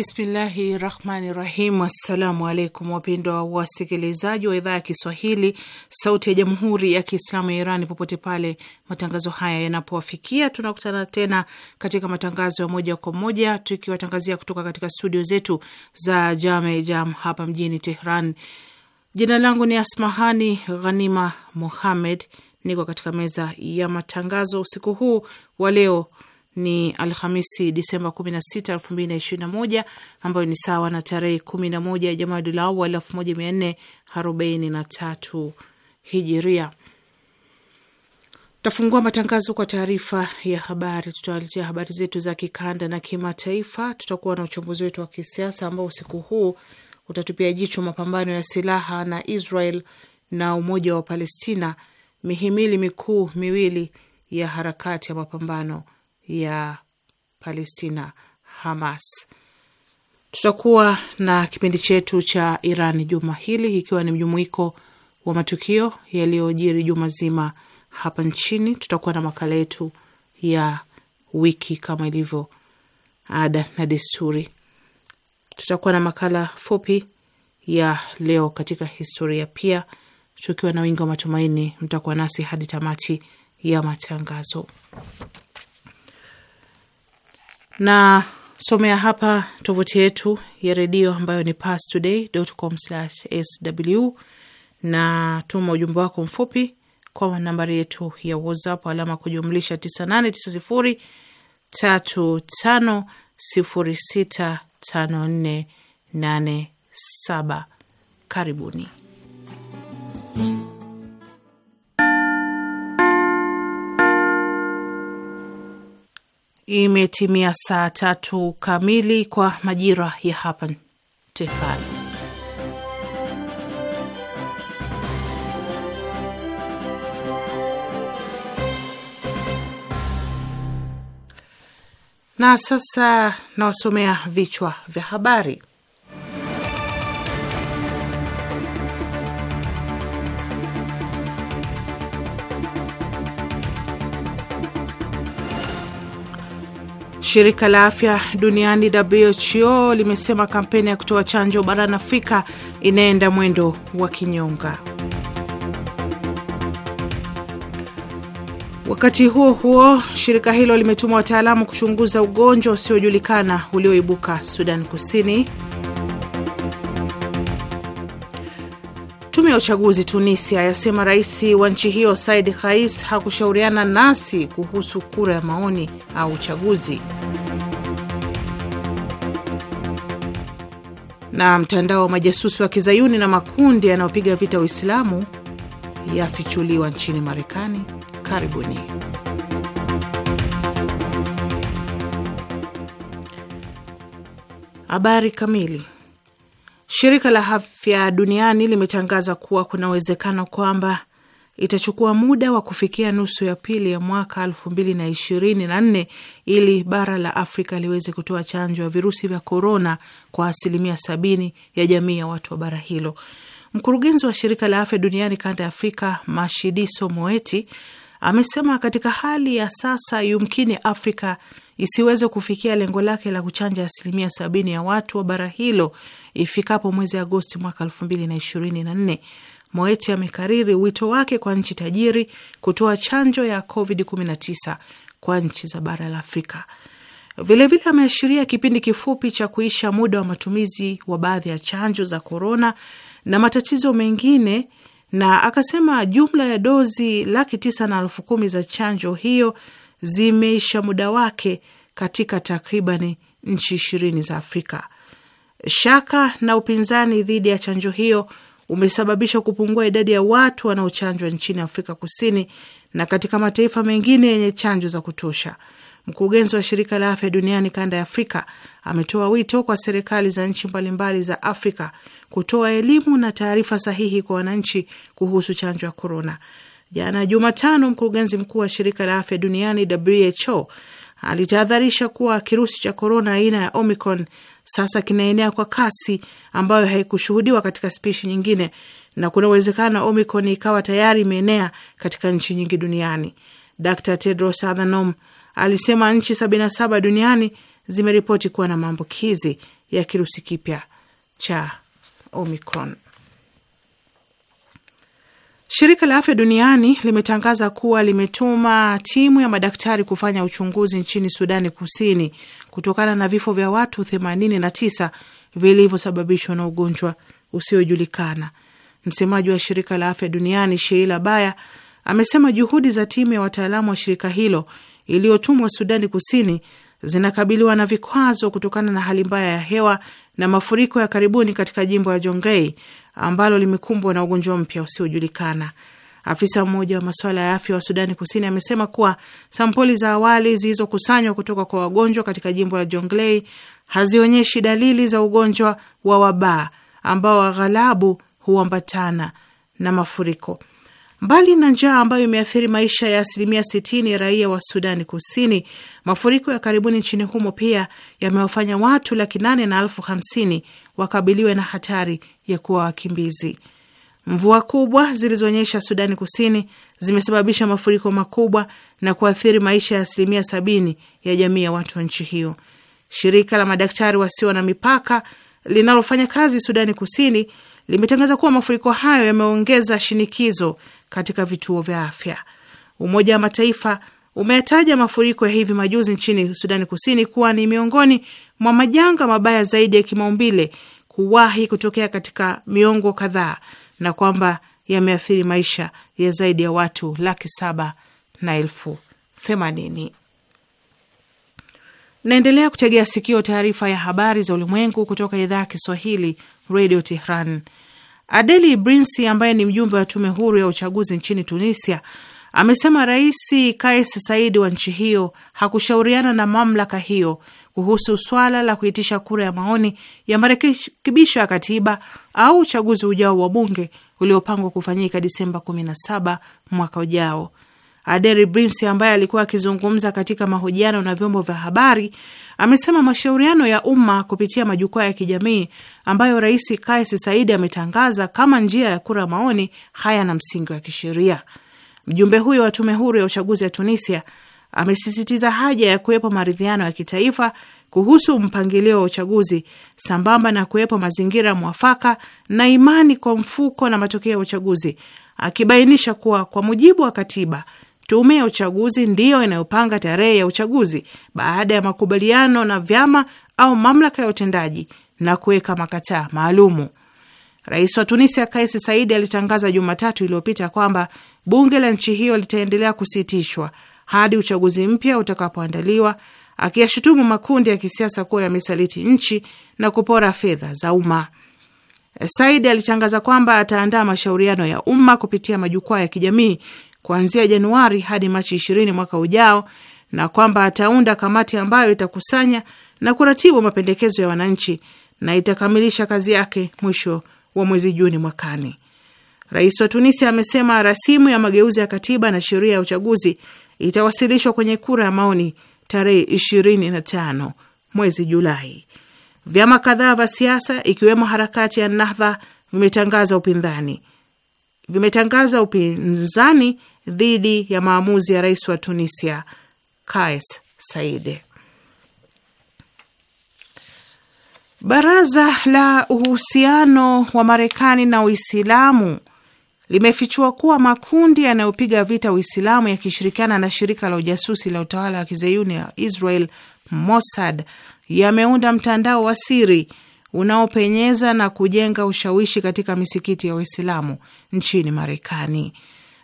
Bismillahi rahmani rahim. Assalamu alaikum wapendwa wasikilizaji wa idhaa ya Kiswahili sauti ya jamhuri ya Kiislamu ya Iran, popote pale matangazo haya yanapowafikia, tunakutana tena katika matangazo ya moja kwa moja tukiwatangazia kutoka katika studio zetu za Jame Jam hapa mjini Tehran. Jina langu ni Asmahani Ghanima muhamed niko katika meza ya matangazo usiku huu wa leo ni Alhamisi Disemba 16, 2021 ambayo ni sawa na tarehe 11 ya Jamadul Awal 1443 Hijiria. Tafungua matangazo kwa taarifa ya habari. Tutawaletea habari zetu za kikanda na kimataifa. Tutakuwa na uchambuzi wetu wa kisiasa ambao usiku huu utatupia jicho mapambano ya silaha na Israel na umoja wa Palestina, mihimili mikuu miwili ya harakati ya mapambano ya Palestina, Hamas. Tutakuwa na kipindi chetu cha Iran juma hili, ikiwa ni mjumuiko wa matukio yaliyojiri juma zima hapa nchini. Tutakuwa na makala yetu ya wiki kama ilivyo ada na desturi. Tutakuwa na makala fupi ya leo katika historia pia, tukiwa na wingi wa matumaini. Mtakuwa nasi hadi tamati ya matangazo na somea hapa tovuti yetu ya redio ambayo ni pastoday.com/sw, na tuma ujumbe wako mfupi kwa nambari yetu ya WhatsApp alama kujumlisha 989035065487. Karibuni. Imetimia saa tatu kamili kwa majira ya hapa Tehran. Na sasa nawasomea vichwa vya habari. Shirika la afya duniani WHO limesema kampeni ya kutoa chanjo barani Afrika inaenda mwendo wa kinyonga. Wakati huo huo, shirika hilo limetuma wataalamu kuchunguza ugonjwa usiojulikana ulioibuka Sudan Kusini. Tume ya uchaguzi Tunisia yasema rais wa nchi hiyo Said Khais hakushauriana nasi kuhusu kura ya maoni au uchaguzi. Na mtandao wa majasusi wa kizayuni na makundi yanayopiga vita Uislamu yafichuliwa nchini Marekani. Karibuni. Habari kamili. Shirika la Afya Duniani limetangaza kuwa kuna uwezekano kwamba itachukua muda wa kufikia nusu ya pili ya mwaka elfu mbili na ishirini na nne ili bara la Afrika liweze kutoa chanjo ya virusi vya korona kwa asilimia sabini ya jamii ya watu wa bara hilo. Mkurugenzi wa shirika la afya duniani kanda ya Afrika, Mashidiso Moeti, amesema katika hali ya sasa yumkini Afrika isiweze kufikia lengo lake la kuchanja asilimia sabini ya watu wa bara hilo ifikapo mwezi Agosti mwaka elfu mbili na ishirini na nne. Moeti amekariri wito wake kwa nchi tajiri kutoa chanjo ya Covid 19 kwa nchi za bara la Afrika. Vilevile ameashiria kipindi kifupi cha kuisha muda wa matumizi wa baadhi ya chanjo za korona na matatizo mengine, na akasema jumla ya dozi laki tisa na elfu kumi za chanjo hiyo zimeisha muda wake katika takribani nchi ishirini za Afrika. Shaka na upinzani dhidi ya chanjo hiyo umesababisha kupungua idadi ya watu wanaochanjwa nchini Afrika Kusini na katika mataifa mengine yenye chanjo za kutosha. Mkurugenzi wa shirika la afya duniani kanda ya Afrika ametoa wito kwa serikali za nchi mbalimbali za Afrika kutoa elimu na taarifa sahihi kwa wananchi kuhusu chanjo ya korona. Jana Jumatano, mkurugenzi mkuu wa shirika la afya duniani WHO alitahadharisha kuwa kirusi cha korona aina ya Omicron sasa kinaenea kwa kasi ambayo haikushuhudiwa katika spishi nyingine, na kuna uwezekano Omicron ikawa tayari imeenea katika nchi nyingi duniani. Dr Tedros Adhanom alisema nchi 77 duniani zimeripoti kuwa na maambukizi ya kirusi kipya cha Omicron. Shirika la Afya Duniani limetangaza kuwa limetuma timu ya madaktari kufanya uchunguzi nchini Sudani Kusini kutokana na vifo vya watu 89 vilivyosababishwa na ugonjwa usiojulikana. Msemaji wa shirika la Afya Duniani Sheila Baya amesema juhudi za timu ya wataalamu wa shirika hilo iliyotumwa Sudani Kusini zinakabiliwa na vikwazo kutokana na hali mbaya ya hewa na mafuriko ya karibuni katika jimbo la Jonglei ambalo limekumbwa na ugonjwa mpya usiojulikana. Afisa mmoja wa masuala ya afya wa Sudani Kusini amesema kuwa sampuli za awali zilizokusanywa kutoka kwa wagonjwa katika jimbo la Jonglei hazionyeshi dalili za ugonjwa wa wabaa ambao aghalabu huambatana na mafuriko. Mbali na njaa ambayo imeathiri maisha ya asilimia 60 ya raia wa Sudani Kusini, mafuriko ya karibuni nchini humo pia yamewafanya watu laki nane na elfu hamsini wakabiliwe na hatari ya kuwa wakimbizi. Mvua kubwa zilizonyesha Sudani Kusini zimesababisha mafuriko makubwa na kuathiri maisha ya asilimia sabini ya jamii ya watu wa nchi hiyo. Shirika la madaktari wasio na mipaka linalofanya kazi Sudani Kusini limetangaza kuwa mafuriko hayo yameongeza shinikizo katika vituo vya afya. Umoja wa Mataifa umeyataja mafuriko ya hivi majuzi nchini Sudani Kusini kuwa ni miongoni mwa majanga mabaya zaidi ya kimaumbile kuwahi kutokea katika miongo kadhaa na kwamba yameathiri maisha ya zaidi ya watu laki saba na elfu themanini. Naendelea kutegea sikio taarifa ya habari za ulimwengu kutoka idhaa ya Kiswahili Radio Tehran. Adeli Brinsi ambaye ni mjumbe wa tume huru ya uchaguzi nchini Tunisia Amesema Rais Kais Saidi wa nchi hiyo hakushauriana na mamlaka hiyo kuhusu swala la kuitisha kura ya maoni ya marekebisho ya katiba au uchaguzi ujao wa bunge uliopangwa kufanyika Disemba 17 mwaka ujao. Aderi Brinsi ambaye alikuwa akizungumza katika mahojiano na vyombo vya habari amesema mashauriano ya umma kupitia majukwaa ya kijamii ambayo Rais Kais Saidi ametangaza kama njia ya kura maoni hayana msingi wa kisheria. Mjumbe huyo wa tume huru ya uchaguzi ya Tunisia amesisitiza haja ya kuwepo maridhiano ya kitaifa kuhusu mpangilio wa uchaguzi sambamba na kuwepo mazingira mwafaka na imani kwa mfuko na matokeo ya uchaguzi, akibainisha kuwa kwa mujibu wa katiba tume ya uchaguzi ndiyo inayopanga tarehe ya uchaguzi baada ya makubaliano na vyama au mamlaka ya utendaji na kuweka makataa maalumu. Rais wa Tunisia Kais Saidi alitangaza Jumatatu iliyopita kwamba bunge la nchi hiyo litaendelea kusitishwa hadi uchaguzi mpya utakapoandaliwa, akiyashutumu makundi ya kisiasa kuwa yamesaliti nchi na kupora fedha za umma. Said alitangaza kwamba ataandaa mashauriano ya umma kupitia majukwaa ya kijamii kuanzia Januari hadi Machi ishirini mwaka ujao, na kwamba ataunda kamati ambayo itakusanya na kuratibu mapendekezo ya wananchi na itakamilisha kazi yake mwisho wa mwezi Juni mwakani. Rais wa Tunisia amesema rasimu ya mageuzi ya katiba na sheria ya uchaguzi itawasilishwa kwenye kura ya maoni tarehe 25 mwezi Julai. Vyama kadhaa vya siasa ikiwemo harakati ya Nahdha vimetangaza upinzani vimetangaza upinzani dhidi ya maamuzi ya rais wa Tunisia Kais saide Baraza la uhusiano wa Marekani na Uislamu limefichua kuwa makundi yanayopiga vita Uislamu yakishirikiana na shirika la ujasusi la utawala wa kizeyuni ya Israel Mossad yameunda mtandao wa siri unaopenyeza na kujenga ushawishi katika misikiti ya Uislamu nchini Marekani.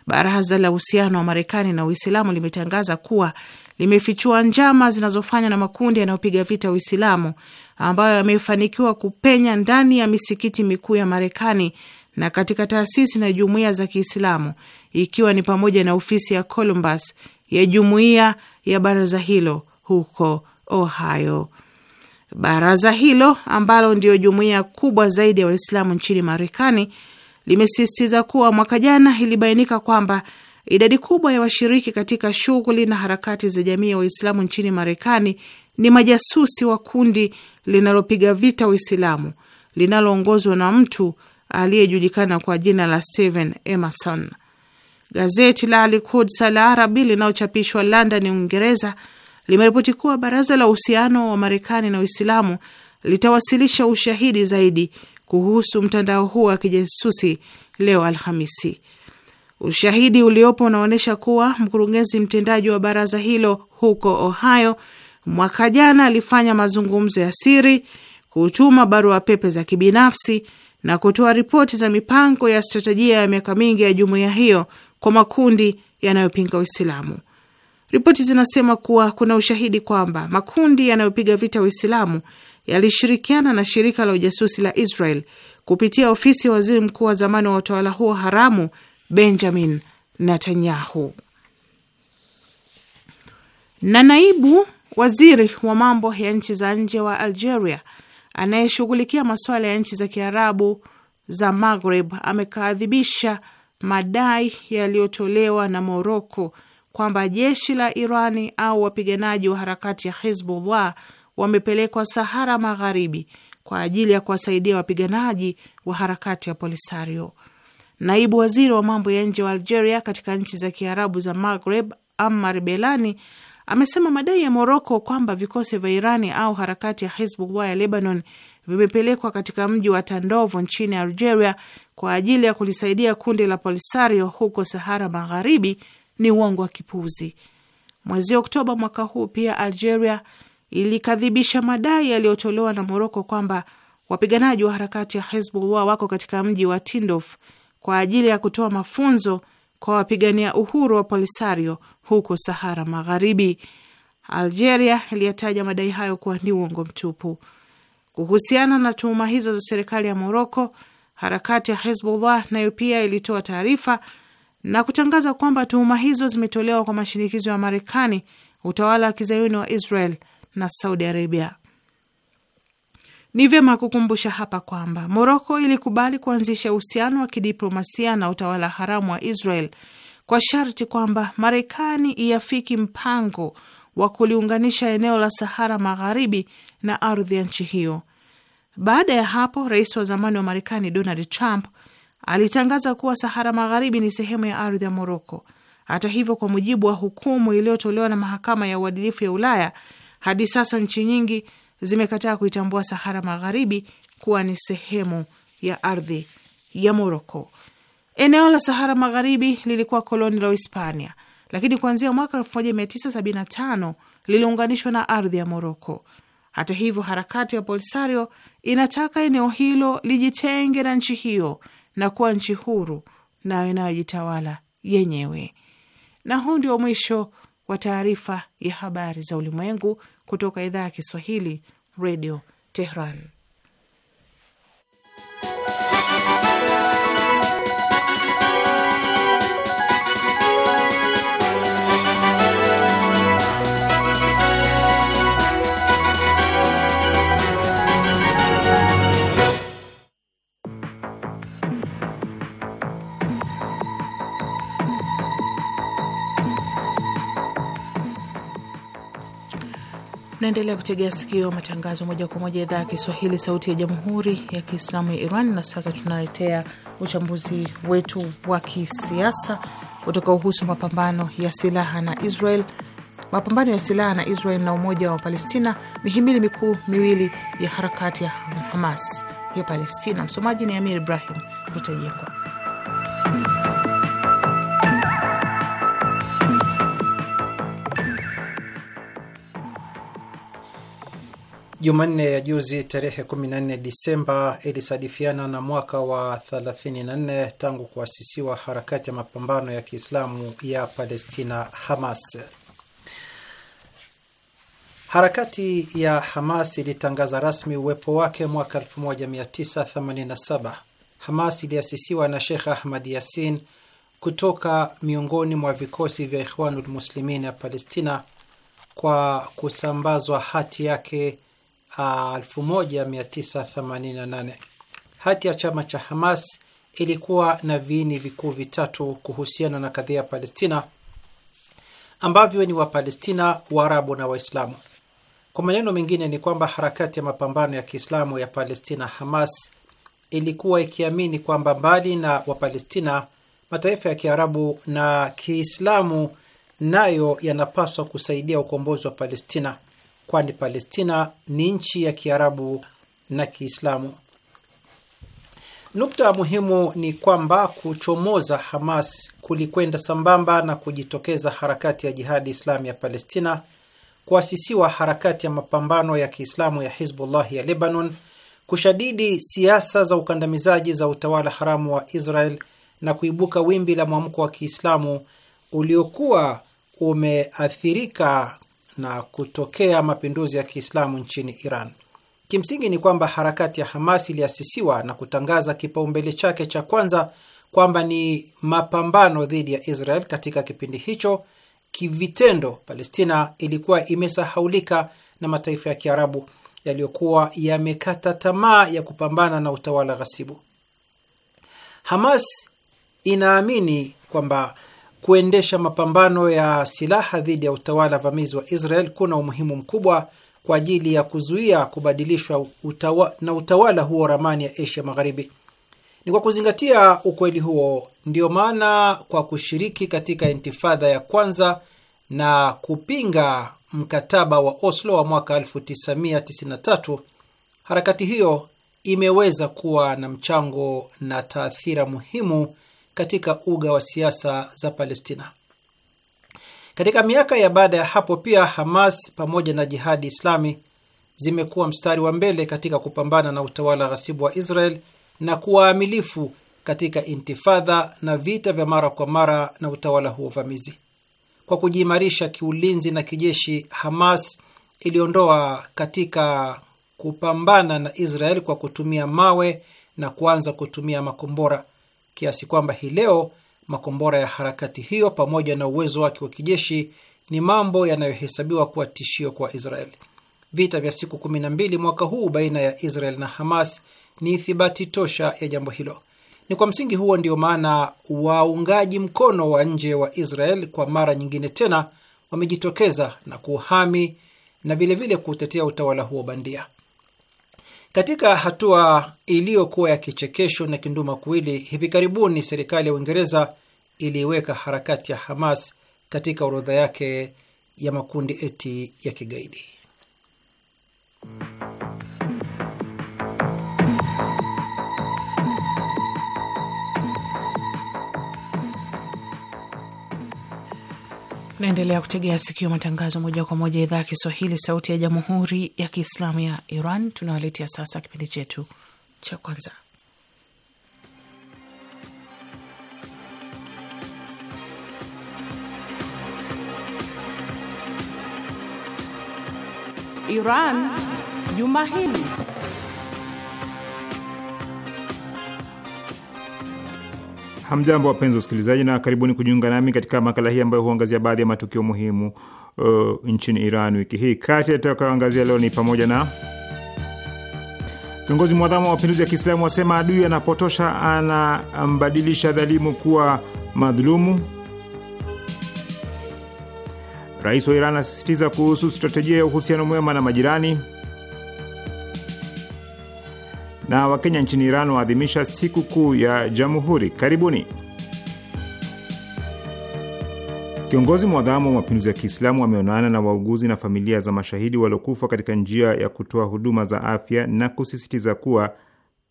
Baraza la uhusiano wa Marekani na Uislamu limetangaza kuwa limefichua njama zinazofanywa na makundi yanayopiga vita Uislamu ambayo yamefanikiwa kupenya ndani ya misikiti mikuu ya Marekani na katika taasisi na jumuiya za Kiislamu, ikiwa ni pamoja na ofisi ya Columbus ya jumuiya ya baraza hilo huko Ohio. Baraza hilo ambalo ndiyo jumuiya kubwa zaidi ya Waislamu nchini Marekani limesisitiza kuwa mwaka jana ilibainika kwamba idadi kubwa ya washiriki katika shughuli na harakati za jamii ya Waislamu nchini Marekani ni majasusi wa kundi linalopiga vita Uislamu linaloongozwa na mtu aliyejulikana kwa jina la Steven Emerson. Gazeti la Alikud arabi linalochapishwa London, Uingereza, limeripoti kuwa baraza la uhusiano wa Marekani na Uislamu litawasilisha ushahidi zaidi kuhusu mtandao huo wa kijasusi leo Alhamisi. Ushahidi uliopo unaonyesha kuwa mkurugenzi mtendaji wa baraza hilo huko Ohio mwaka jana alifanya mazungumzo ya siri, kutuma barua pepe za kibinafsi na kutoa ripoti za mipango ya stratejia ya miaka mingi ya jumuiya hiyo kwa makundi yanayopinga Uislamu. Ripoti zinasema kuwa kuna ushahidi kwamba makundi yanayopiga vita Uislamu yalishirikiana na shirika la ujasusi la Israel kupitia ofisi ya waziri mkuu wa zamani wa utawala huo haramu Benjamin Netanyahu. Na naibu waziri wa mambo ya nchi za nje wa Algeria anayeshughulikia masuala ya nchi za Kiarabu za Maghreb amekaadhibisha madai yaliyotolewa na Moroko kwamba jeshi la Irani au wapiganaji wa harakati ya Hizbullah wamepelekwa Sahara Magharibi kwa ajili ya kuwasaidia wapiganaji wa harakati ya Polisario. Naibu waziri wa mambo ya nje wa Algeria katika nchi za Kiarabu za Maghreb, Ammar Belani, amesema madai ya Moroko kwamba vikosi vya Irani au harakati ya Hizbullah ya Lebanon vimepelekwa katika mji wa Tandovo nchini Algeria kwa ajili ya kulisaidia kundi la Polisario huko Sahara Magharibi ni uongo wa kipuzi Mwezi Oktoba mwaka huu pia Algeria ilikadhibisha madai yaliyotolewa na Moroko kwamba wapiganaji wa harakati ya hizbullah wako katika mji wa Tindouf kwa ajili ya kutoa mafunzo kwa wapigania uhuru wa Polisario huko Sahara Magharibi. Algeria iliyataja madai hayo kuwa ni uongo mtupu. Kuhusiana na tuhuma hizo za serikali ya Moroko, harakati ya Hezbollah nayo pia ilitoa taarifa na kutangaza kwamba tuhuma hizo zimetolewa kwa mashinikizo ya Marekani, utawala wa kizayuni wa Israel na Saudi Arabia. Ni vyema kukumbusha hapa kwamba Moroko ilikubali kuanzisha uhusiano wa kidiplomasia na utawala haramu wa Israel kwa sharti kwamba Marekani iafiki mpango wa kuliunganisha eneo la Sahara Magharibi na ardhi ya nchi hiyo. Baada ya hapo, rais wa zamani wa Marekani Donald Trump alitangaza kuwa Sahara Magharibi ni sehemu ya ardhi ya Moroko. Hata hivyo, kwa mujibu wa hukumu iliyotolewa na mahakama ya uadilifu ya Ulaya, hadi sasa nchi nyingi zimekataa kuitambua Sahara Magharibi kuwa ni sehemu ya ardhi ya Moroko. Eneo la Sahara Magharibi lilikuwa koloni la Uhispania, lakini kuanzia mwaka 1975 liliunganishwa na ardhi ya Moroko. Hata hivyo, harakati ya Polisario inataka eneo hilo lijitenge na nchi hiyo na kuwa nchi huru na inayojitawala yenyewe. Na huu ndio mwisho wa taarifa ya habari za ulimwengu kutoka idhaa ya Kiswahili, Radio Tehran. Mnaendelea kutegea sikio matangazo moja kwa moja idhaa ya Kiswahili, sauti ya jamhuri ya kiislamu ya Iran. Na sasa tunaletea uchambuzi wetu wa kisiasa utakaohusu mapambano ya silaha na Israel, mapambano ya silaha na Israel na umoja wa Palestina, mihimili mikuu miwili ya harakati ya Hamas ya Palestina. Msomaji ni Amir Ibrahim Rutajengwa. Jumanne ya juzi tarehe 14 Disemba ilisadifiana na mwaka wa 34 tangu kuasisiwa harakati ya mapambano ya Kiislamu ya Palestina, Hamas. Harakati ya Hamas ilitangaza rasmi uwepo wake mwaka 1987. Hamas iliasisiwa na Sheikh Ahmad Yasin kutoka miongoni mwa vikosi vya Ikhwanul Muslimin ya Palestina kwa kusambazwa hati yake 1988. Hati ya chama cha Hamas ilikuwa na viini vikuu vitatu kuhusiana na kadhia ya Palestina ambavyo ni Wapalestina, Waarabu na Waislamu. Kwa maneno mengine ni kwamba harakati ya mapambano ya Kiislamu ya Palestina, Hamas, ilikuwa ikiamini kwamba mbali na Wapalestina, mataifa ya Kiarabu na Kiislamu nayo yanapaswa kusaidia ukombozi wa Palestina kwani Palestina ni nchi ya Kiarabu na Kiislamu. Nukta muhimu ni kwamba kuchomoza Hamas kulikwenda sambamba na kujitokeza harakati ya Jihadi islami ya Palestina, kuasisiwa harakati ya mapambano ya Kiislamu ya Hizbullah ya Lebanon, kushadidi siasa za ukandamizaji za utawala haramu wa Israel na kuibuka wimbi la mwamko wa Kiislamu uliokuwa umeathirika na kutokea mapinduzi ya Kiislamu nchini Iran. Kimsingi ni kwamba harakati ya Hamas iliasisiwa na kutangaza kipaumbele chake cha kwanza kwamba ni mapambano dhidi ya Israel. Katika kipindi hicho kivitendo, Palestina ilikuwa imesahaulika na mataifa ya Kiarabu yaliyokuwa yamekata tamaa ya kupambana na utawala ghasibu. Hamas inaamini kwamba kuendesha mapambano ya silaha dhidi ya utawala vamizi wa Israel kuna umuhimu mkubwa kwa ajili ya kuzuia kubadilishwa utawa, na utawala huo ramani ya Asia Magharibi. Ni kwa kuzingatia ukweli huo ndio maana kwa kushiriki katika intifadha ya kwanza na kupinga mkataba wa Oslo wa mwaka 1993 harakati hiyo imeweza kuwa na mchango na taathira muhimu katika uga wa siasa za Palestina. Katika miaka ya baada ya hapo pia, Hamas pamoja na Jihadi Islami zimekuwa mstari wa mbele katika kupambana na utawala ghasibu wa Israel na kuwa amilifu katika intifadha na vita vya mara kwa mara na utawala huo vamizi. Kwa kujiimarisha kiulinzi na kijeshi, Hamas iliondoa katika kupambana na Israel kwa kutumia mawe na kuanza kutumia makombora kiasi kwamba hii leo makombora ya harakati hiyo pamoja na uwezo wake wa kijeshi ni mambo yanayohesabiwa kuwa tishio kwa israel Vita vya siku mbili mwaka huu baina ya Israel na Hamas ni ithibati tosha ya jambo hilo. Ni kwa msingi huo ndio maana waungaji mkono wa nje wa Israel kwa mara nyingine tena wamejitokeza na kuhami na vilevile kutetea utawala huo bandia. Katika hatua iliyokuwa ya kichekesho na kinduma kuwili, hivi karibuni serikali ya Uingereza iliiweka harakati ya Hamas katika orodha yake ya makundi eti ya kigaidi. Naendelea kutegea sikio matangazo moja kwa moja idhaa ya Kiswahili, sauti ya jamhuri ya kiislamu ya Iran. Tunawaletea sasa kipindi chetu cha kwanza, Iran Juma Hili. Hamjambo, wapenzi wasikilizaji, na karibuni kujiunga nami katika makala hii ambayo huangazia baadhi ya matukio muhimu uh, nchini Iran wiki hii. Kati yatakayoangazia leo ni pamoja na kiongozi mwadhamu wa mapinduzi ya Kiislamu wasema adui anapotosha, anambadilisha dhalimu kuwa madhulumu. Rais wa Iran asisitiza kuhusu stratejia ya uhusiano mwema na majirani na Wakenya nchini Iran waadhimisha siku kuu ya Jamhuri. Karibuni. Kiongozi mwadhamu wa mapinduzi ya Kiislamu ameonana na wauguzi na familia za mashahidi waliokufa katika njia ya kutoa huduma za afya na kusisitiza kuwa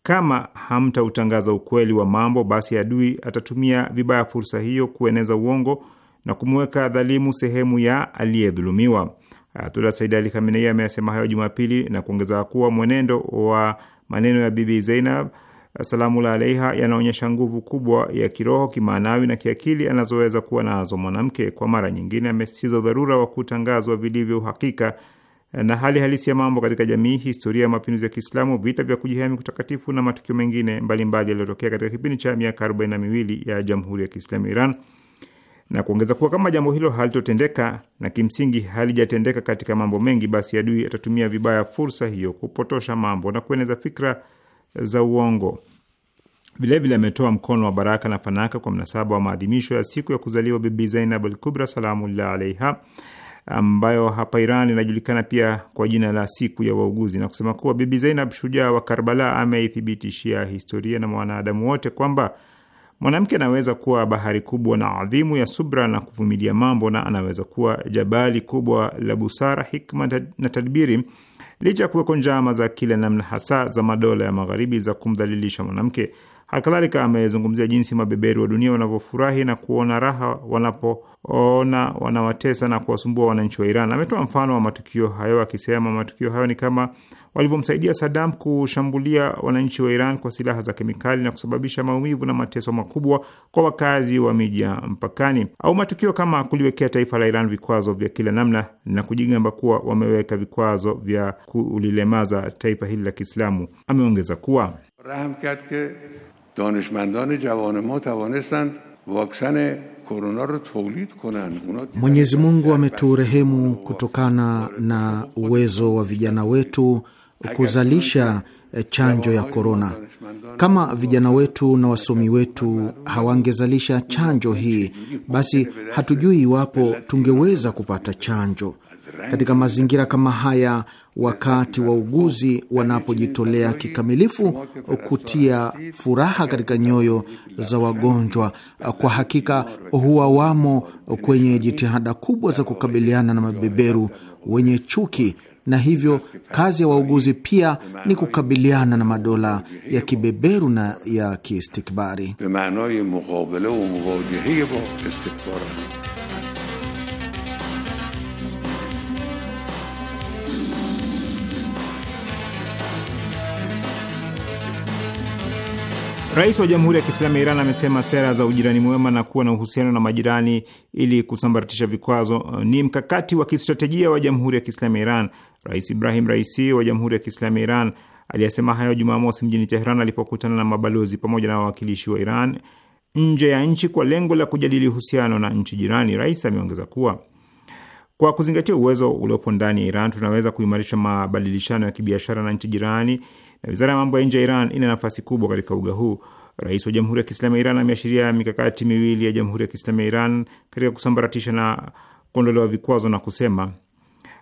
kama hamtautangaza ukweli wa mambo, basi adui atatumia vibaya fursa hiyo kueneza uongo na kumweka dhalimu sehemu ya aliyedhulumiwa. Ayatullah Said Ali Khamenei ameyasema hayo Jumapili na kuongeza kuwa mwenendo wa Maneno ya Bibi Zainab salamula alaiha yanaonyesha nguvu kubwa ya kiroho, kimaanawi na kiakili anazoweza kuwa nazo mwanamke. Kwa mara nyingine, amesisitiza udharura wa kutangazwa vilivyo uhakika na hali halisi ya mambo katika jamii, historia ya mapinduzi ya Kiislamu, vita vya kujihami kutakatifu na matukio mengine mbalimbali yaliyotokea katika kipindi cha miaka arobaini na miwili ya Jamhuri ya Kiislamu Iran na kuongeza kuwa kama jambo hilo halitotendeka, na kimsingi halijatendeka katika mambo mengi, basi adui atatumia vibaya fursa hiyo kupotosha mambo na kueneza fikra za uongo. Vilevile ametoa mkono wa baraka na fanaka kwa mnasaba wa maadhimisho ya siku ya kuzaliwa Bibi Zainab al-Kubra salamullah alaiha, ambayo hapa Iran inajulikana pia kwa jina la siku ya wauguzi, na kusema kuwa Bibi Zainab, shujaa wa Karbala, ameithibitishia historia na mwanadamu wote kwamba Mwanamke anaweza kuwa bahari kubwa na adhimu ya subra na kuvumilia mambo, na anaweza kuwa jabali kubwa la busara, hikma na tadbiri, licha ya kuweko njama za kila namna, hasa za madola ya Magharibi za kumdhalilisha mwanamke. Halikadhalika, amezungumzia jinsi mabeberu wa dunia wanavyofurahi na kuona raha wanapoona wanawatesa na kuwasumbua wananchi wa Iran. Ametoa mfano wa matukio hayo akisema, matukio hayo ni kama walivyomsaidia Sadam kushambulia wananchi wa Iran kwa silaha za kemikali na kusababisha maumivu na mateso makubwa kwa wakazi wa miji ya mpakani, au matukio kama kuliwekea taifa la Iran vikwazo vya kila namna na kujigamba kuwa wameweka vikwazo vya kulilemaza taifa hili la Kiislamu. Ameongeza kuwa Mwenyezi Mungu ameturehemu kutokana na uwezo wa vijana wetu kuzalisha chanjo ya korona. Kama vijana wetu na wasomi wetu hawangezalisha chanjo hii, basi hatujui iwapo tungeweza kupata chanjo. Katika mazingira kama haya, wakati wauguzi wanapojitolea kikamilifu kutia furaha katika nyoyo za wagonjwa, kwa hakika huwa wamo kwenye jitihada kubwa za kukabiliana na mabeberu wenye chuki na hivyo kazi ya wauguzi pia ni kukabiliana na madola ya kibeberu na ya kiistikbari. Rais wa Jamhuri ya Kiislamu ya Iran amesema sera za ujirani mwema na kuwa na uhusiano na majirani ili kusambaratisha vikwazo uh, ni mkakati wa kistratejia wa Jamhuri ya Kiislamu ya Iran. Rais Ibrahim Raisi wa Jamhuri ya Kiislamu ya Iran aliyesema hayo Jumamosi mjini Teheran alipokutana na mabalozi pamoja na wawakilishi wa Iran nje ya nchi kwa lengo la kujadili uhusiano na nchi jirani. Rais ameongeza kuwa kwa kuzingatia uwezo uliopo ndani ya Iran, tunaweza kuimarisha mabadilishano ya kibiashara na nchi jirani, na wizara ya mambo ya nje ya Iran ina nafasi kubwa katika uga huu. Rais wa Jamhuri ya Kiislamu ya Iran ameashiria mikakati miwili ya Jamhuri ya Kiislamu ya Iran katika kusambaratisha na kuondolewa vikwazo na kusema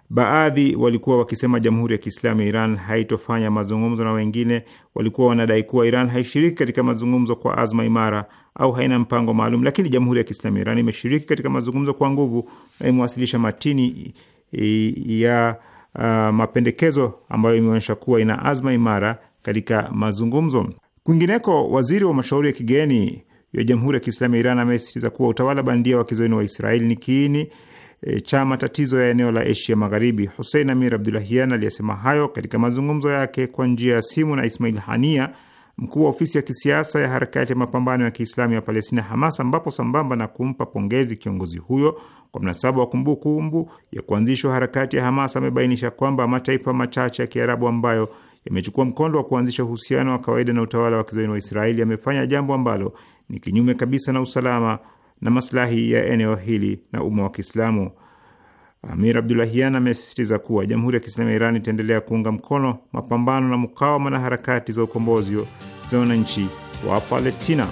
Baadhi walikuwa wakisema Jamhuri ya Kiislamu ya Iran haitofanya mazungumzo na wengine walikuwa wanadai kuwa Iran haishiriki katika mazungumzo kwa azma imara au haina mpango maalum, lakini Jamhuri ya Kiislamu ya Iran imeshiriki katika mazungumzo kwa nguvu na imewasilisha matini ya uh, mapendekezo ambayo imeonyesha kuwa ina azma imara katika mazungumzo. Kwingineko, waziri wa mashauri ya kigeni ya Jamhuri ya Kiislamu ya Iran amesisitiza kuwa utawala bandia wa kizayuni wa Israeli ni kiini E, cha matatizo ya eneo la Asia Magharibi. Hussein Amir Abdulahian aliyesema hayo katika mazungumzo yake kwa njia ya simu na Ismail Hania, mkuu wa ofisi ya kisiasa ya harakati ya mapambano ya Kiislamu ya Palestina, Hamas, ambapo sambamba na kumpa pongezi kiongozi huyo kwa mnasaba wa kumbukumbu ya kuanzishwa harakati ya Hamas, amebainisha kwamba mataifa machache ya Kiarabu ambayo yamechukua mkondo wa kuanzisha uhusiano wa kawaida na utawala wa kizayuni wa Israeli yamefanya jambo ambalo ni kinyume kabisa na usalama na maslahi ya eneo hili na umma wa Kiislamu. Amir Abdulahian amesisitiza kuwa Jamhuri ya Kiislamu ya Iran itaendelea kuunga mkono mapambano na mukawama na harakati za ukombozi za wananchi wa Palestina.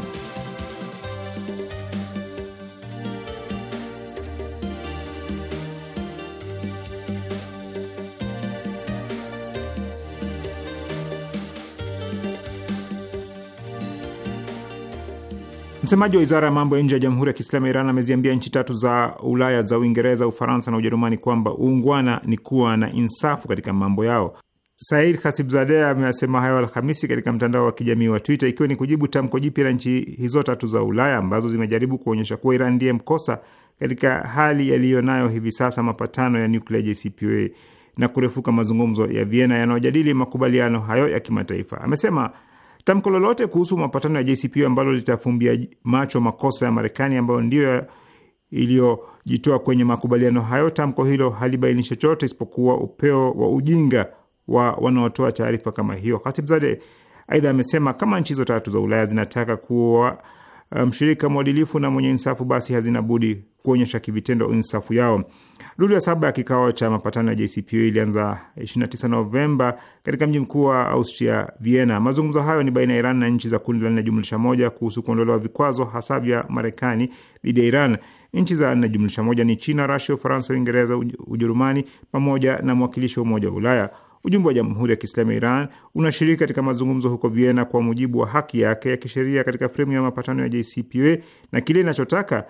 Msemaji wa wizara ya mambo ya nje ya Jamhuri ya Kiislamu ya Iran ameziambia nchi tatu za Ulaya za Uingereza, Ufaransa na Ujerumani kwamba uungwana ni kuwa na insafu katika mambo yao. Said Khatibzadeh amesema hayo Alhamisi katika mtandao wa kijamii wa Twitter, ikiwa ni kujibu tamko jipya la nchi hizo tatu za Ulaya ambazo zimejaribu kuonyesha kuwa Iran ndiye mkosa katika hali yaliyonayo hivi sasa mapatano ya nuklea JCPOA na kurefuka mazungumzo ya Vienna yanayojadili makubaliano hayo ya kimataifa. Amesema Tamko lolote kuhusu mapatano ya JCPOA ambalo litafumbia macho makosa ya Marekani ambayo ndiyo iliyojitoa kwenye makubaliano hayo, tamko hilo halibaini chochote isipokuwa upeo wa ujinga wa wanaotoa taarifa kama hiyo. Khatibzadeh aidha amesema kama nchi hizo tatu za Ulaya zinataka kuwa mshirika um, mwadilifu na mwenye insafu, basi hazina budi kuonyesha kivitendo insafu yao. Duru ya saba ya kikao cha mapatano ya JCPOA ilianza 29 Novemba katika mji mkuu wa Austria, Vienna. Mazungumzo hayo ni baina ya Iran na nchi za kundi la nne jumlisha moja kuhusu kuondolewa vikwazo hasa vya Marekani dhidi ya Iran. Nchi za nne jumlisha moja ni China, Rasia, Ufaransa, Uingereza, Ujerumani pamoja na mwakilishi wa Umoja wa Ulaya. Ujumbe wa Jamhuri ya Kiislamu ya Iran unashiriki katika mazungumzo huko Vienna kwa mujibu wa haki yake ya kisheria katika fremu ya mapatano ya JCPOA na kile inachotaka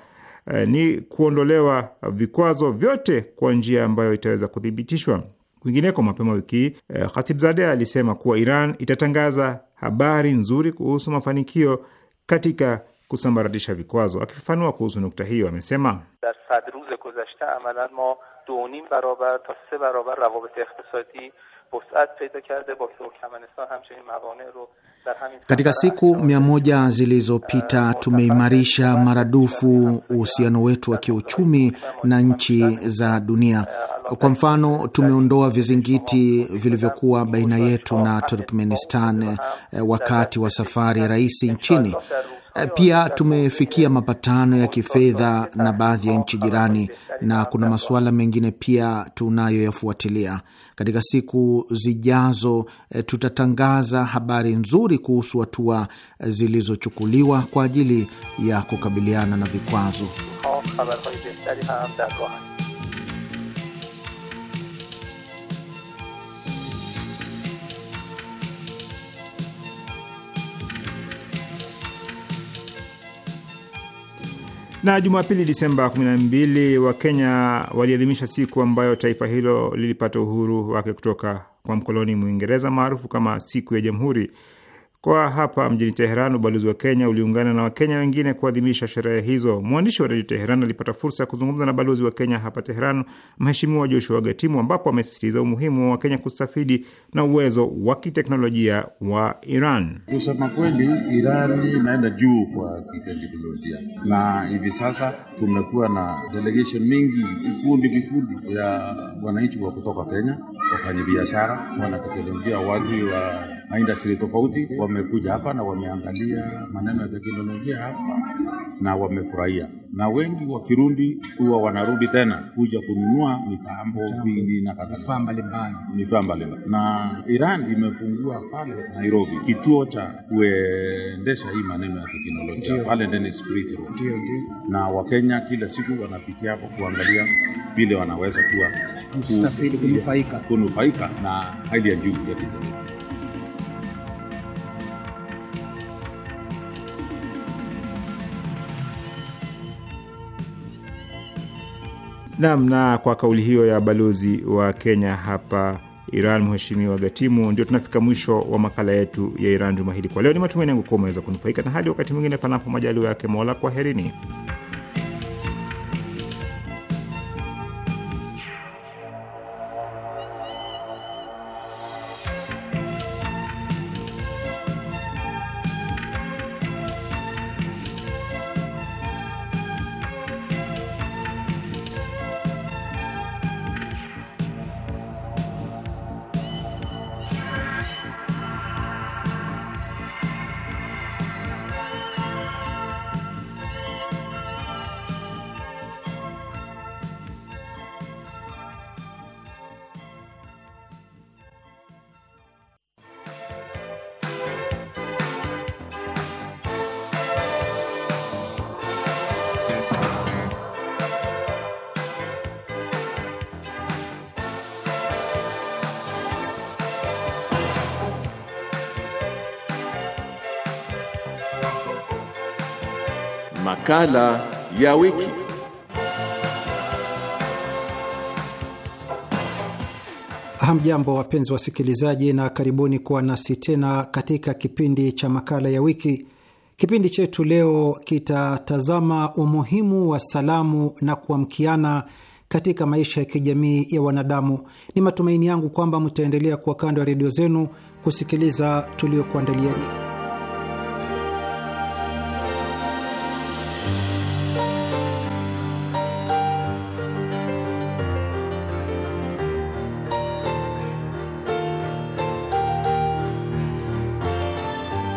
Eh, ni kuondolewa vikwazo vyote kwa njia ambayo itaweza kuthibitishwa. Kwingineko, mapema wiki hii eh, Khatibzadeh alisema kuwa Iran itatangaza habari nzuri kuhusu mafanikio katika kusambaratisha vikwazo. Akifafanua kuhusu nukta hiyo, amesema وسعت پیدا کرده با ترکمنستان همچنین موانع رو Katika siku mia moja zilizopita tumeimarisha maradufu uhusiano wetu wa kiuchumi na nchi za dunia. Kwa mfano, tumeondoa vizingiti vilivyokuwa baina yetu na Turkmenistan eh, wakati wa safari ya rais nchini. Eh, pia tumefikia mapatano ya kifedha na baadhi ya nchi jirani, na kuna masuala mengine pia tunayoyafuatilia. Katika siku zijazo e, tutatangaza habari nzuri kuhusu hatua eh, zilizochukuliwa kwa ajili ya kukabiliana na vikwazo. Na Jumapili Disemba 12 Wakenya waliadhimisha siku ambayo taifa hilo lilipata uhuru wake kutoka kwa mkoloni Mwingereza, maarufu kama siku ya Jamhuri kwa hapa mjini Teheran, ubalozi wa Kenya uliungana na Wakenya wengine kuadhimisha sherehe hizo. Mwandishi wa redio Teheran alipata fursa ya kuzungumza na balozi wa Kenya hapa Teheran, Mheshimiwa Joshua Gatimu, ambapo amesisitiza umuhimu wa Wakenya kustafidi na uwezo wa kiteknolojia wa Iran. Kusema kweli, Iran inaenda juu kwa kiteknolojia, na hivi sasa tumekuwa na delegation mingi, vikundi vikundi vya wananchi wa kutoka Kenya, wafanyabiashara, wanateknolojia, wazi wa na tofauti wamekuja hapa na wameangalia maneno ya teknolojia hapa na wamefurahia, na wengi wa Kirundi huwa wanarudi tena kuja kununua mitambo mingi na vifaa mbalimbali vifaa mbalimbali. Na Iran imefungua pale Nairobi kituo cha kuendesha hii maneno ya teknolojia pale ndani Spirit Road, na Wakenya kila siku wanapitia hapo kuangalia vile wanaweza kuwa kunufaika na hali ya juu ya kitaifa. Nam, na kwa kauli hiyo ya balozi wa Kenya hapa Iran, Mheshimiwa Gatimu, ndio tunafika mwisho wa makala yetu ya Iran juma hili. Kwa leo, ni matumaini yangu kuwa umeweza kunufaika, na hadi wakati mwingine, panapo majaliwa yake Mola, kwaherini. Makala ya wiki. Hamjambo, wapenzi wasikilizaji, na karibuni kuwa nasi tena katika kipindi cha makala ya wiki. Kipindi chetu leo kitatazama umuhimu wa salamu na kuamkiana katika maisha ya kijamii ya wanadamu. Ni matumaini yangu kwamba mtaendelea kuwa kando ya redio zenu kusikiliza tuliokuandalieni.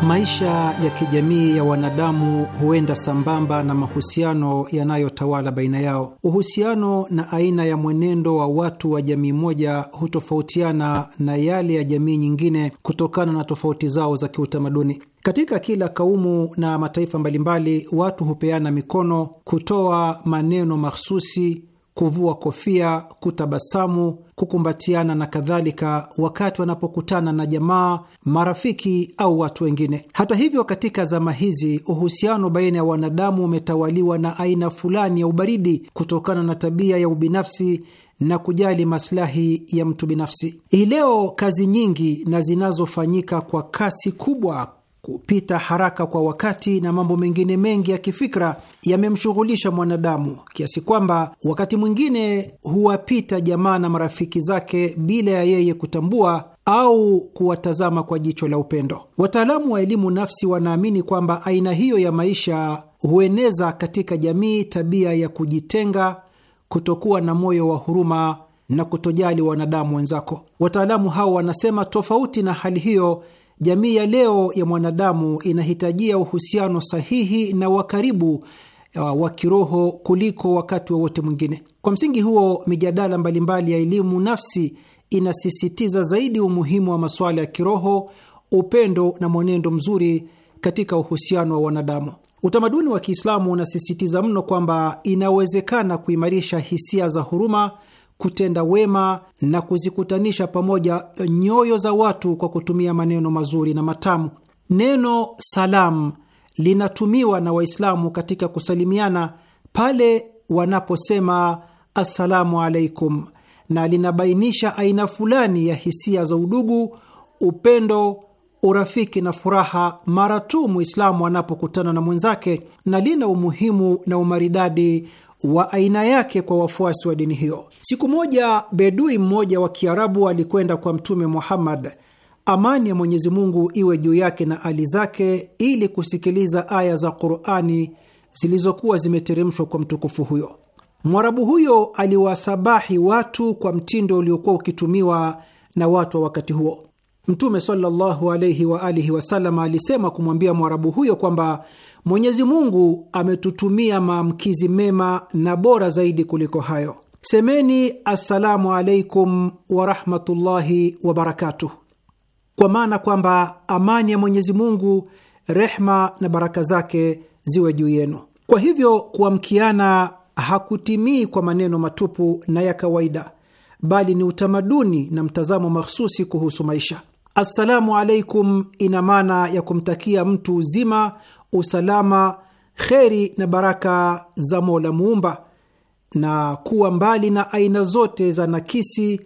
Maisha ya kijamii ya wanadamu huenda sambamba na mahusiano yanayotawala baina yao. Uhusiano na aina ya mwenendo wa watu wa jamii moja hutofautiana na yale ya jamii nyingine kutokana na tofauti zao za kiutamaduni. Katika kila kaumu na mataifa mbalimbali, watu hupeana mikono, kutoa maneno mahsusi kuvua kofia, kutabasamu, kukumbatiana na kadhalika, wakati wanapokutana na jamaa, marafiki au watu wengine. Hata hivyo, katika zama hizi uhusiano baina ya wanadamu umetawaliwa na aina fulani ya ubaridi kutokana na tabia ya ubinafsi na kujali maslahi ya mtu binafsi. Hii leo kazi nyingi na zinazofanyika kwa kasi kubwa kupita haraka kwa wakati na mambo mengine mengi ya kifikra yamemshughulisha mwanadamu kiasi kwamba wakati mwingine huwapita jamaa na marafiki zake bila ya yeye kutambua au kuwatazama kwa jicho la upendo. Wataalamu wa elimu nafsi wanaamini kwamba aina hiyo ya maisha hueneza katika jamii tabia ya kujitenga, kutokuwa na moyo wa huruma na kutojali wanadamu wenzako. Wataalamu hao wanasema tofauti na hali hiyo Jamii ya leo ya mwanadamu inahitajia uhusiano sahihi na wa karibu uh, wa kiroho kuliko wakati wowote wa mwingine. Kwa msingi huo, mijadala mbalimbali ya elimu nafsi inasisitiza zaidi umuhimu wa masuala ya kiroho, upendo na mwenendo mzuri katika uhusiano wa wanadamu. Utamaduni wa Kiislamu unasisitiza mno kwamba inawezekana kuimarisha hisia za huruma kutenda wema na kuzikutanisha pamoja nyoyo za watu kwa kutumia maneno mazuri na matamu. Neno salam linatumiwa na Waislamu katika kusalimiana pale wanaposema assalamu alaikum, na linabainisha aina fulani ya hisia za udugu, upendo, urafiki na furaha mara tu Muislamu anapokutana na mwenzake, na lina umuhimu na umaridadi wa aina yake kwa wafuasi wa dini hiyo. Siku moja bedui mmoja wa Kiarabu alikwenda kwa Mtume Muhammad, amani ya Mwenyezi Mungu iwe juu yake na ali zake, ili kusikiliza aya za Qurani zilizokuwa zimeteremshwa kwa mtukufu huyo. Mwarabu huyo aliwasabahi watu kwa mtindo uliokuwa ukitumiwa na watu wa wakati huo. Mtume sallallahu alaihi waalihi wasallam alisema kumwambia mwarabu huyo kwamba Mwenyezi Mungu ametutumia maamkizi mema na bora zaidi kuliko hayo. Semeni assalamu alaikum warahmatullahi wabarakatuh, kwa maana kwamba amani ya Mwenyezi Mungu, rehma na baraka zake ziwe juu yenu. Kwa hivyo kuamkiana hakutimii kwa maneno matupu na ya kawaida, bali ni utamaduni na mtazamo mahsusi kuhusu maisha. Assalamu alaikum ina maana ya kumtakia mtu uzima, usalama, kheri na baraka za Mola Muumba, na kuwa mbali na aina zote za nakisi,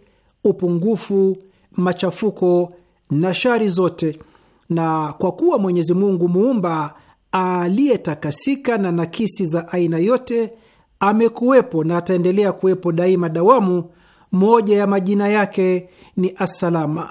upungufu, machafuko na shari zote. Na kwa kuwa Mwenyezi Mungu muumba aliyetakasika na nakisi za aina yote amekuwepo na ataendelea kuwepo daima dawamu, moja ya majina yake ni Assalama.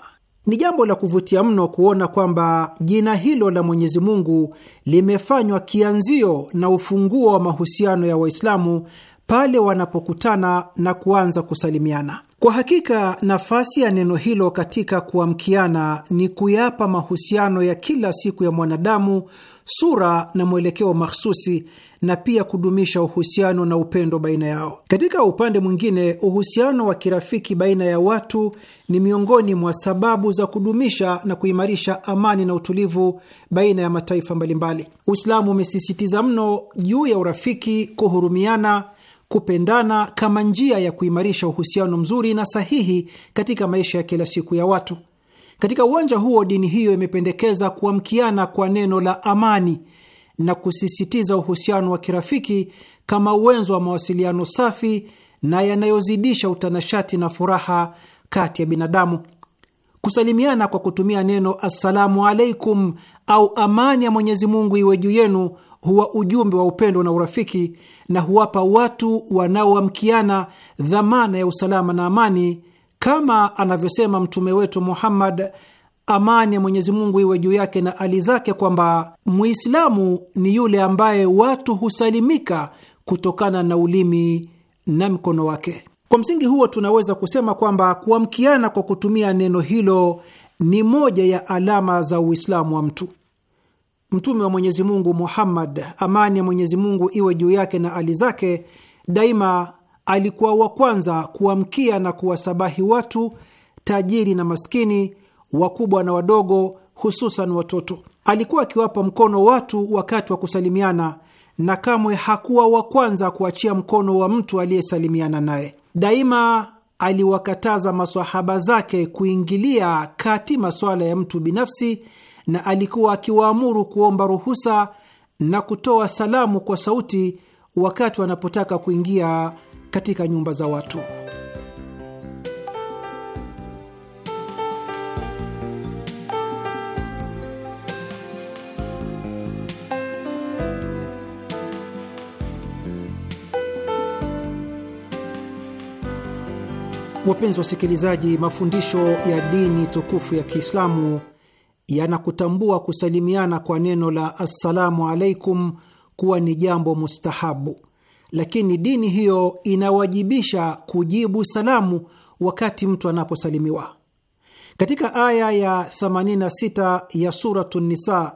Ni jambo la kuvutia mno kuona kwamba jina hilo la Mwenyezi Mungu limefanywa kianzio na ufunguo wa mahusiano ya Waislamu pale wanapokutana na kuanza kusalimiana. Kwa hakika nafasi ya neno hilo katika kuamkiana ni kuyapa mahusiano ya kila siku ya mwanadamu sura na mwelekeo mahsusi na pia kudumisha uhusiano na upendo baina yao. Katika upande mwingine, uhusiano wa kirafiki baina ya watu ni miongoni mwa sababu za kudumisha na kuimarisha amani na utulivu baina ya mataifa mbalimbali. Uislamu umesisitiza mno juu ya urafiki, kuhurumiana kupendana kama njia ya kuimarisha uhusiano mzuri na sahihi katika maisha ya kila siku ya watu. Katika uwanja huo, dini hiyo imependekeza kuamkiana kwa neno la amani na kusisitiza uhusiano wa kirafiki kama uwenzo wa mawasiliano safi na yanayozidisha utanashati na furaha kati ya binadamu. Kusalimiana kwa kutumia neno assalamu alaikum au amani ya Mwenyezi Mungu iwe juu yenu huwa ujumbe wa upendo na urafiki na huwapa watu wanaoamkiana dhamana ya usalama na amani, kama anavyosema mtume wetu Muhammad, amani ya Mwenyezi Mungu iwe juu yake na ali zake, kwamba Muislamu ni yule ambaye watu husalimika kutokana na ulimi na mkono wake. Kwa msingi huo, tunaweza kusema kwamba kuamkiana kwa kutumia neno hilo ni moja ya alama za Uislamu wa mtu. Mtume wa Mwenyezi Mungu Muhammad, amani ya Mwenyezi Mungu iwe juu yake na ali zake, daima alikuwa wa kwanza kuamkia na kuwasabahi watu, tajiri na maskini, wakubwa na wadogo, hususan watoto. Alikuwa akiwapa mkono watu wakati wa kusalimiana, na kamwe hakuwa wa kwanza kuachia mkono wa mtu aliyesalimiana naye. Daima aliwakataza masahaba zake kuingilia kati masuala ya mtu binafsi na alikuwa akiwaamuru kuomba ruhusa na kutoa salamu kwa sauti wakati wanapotaka kuingia katika nyumba za watu. Wapenzi wasikilizaji, mafundisho ya dini tukufu ya Kiislamu yanakutambua kusalimiana kwa neno la assalamu alaikum kuwa ni jambo mustahabu, lakini dini hiyo inawajibisha kujibu salamu wakati mtu anaposalimiwa. Katika aya ya 86 ya Suratu Nisa,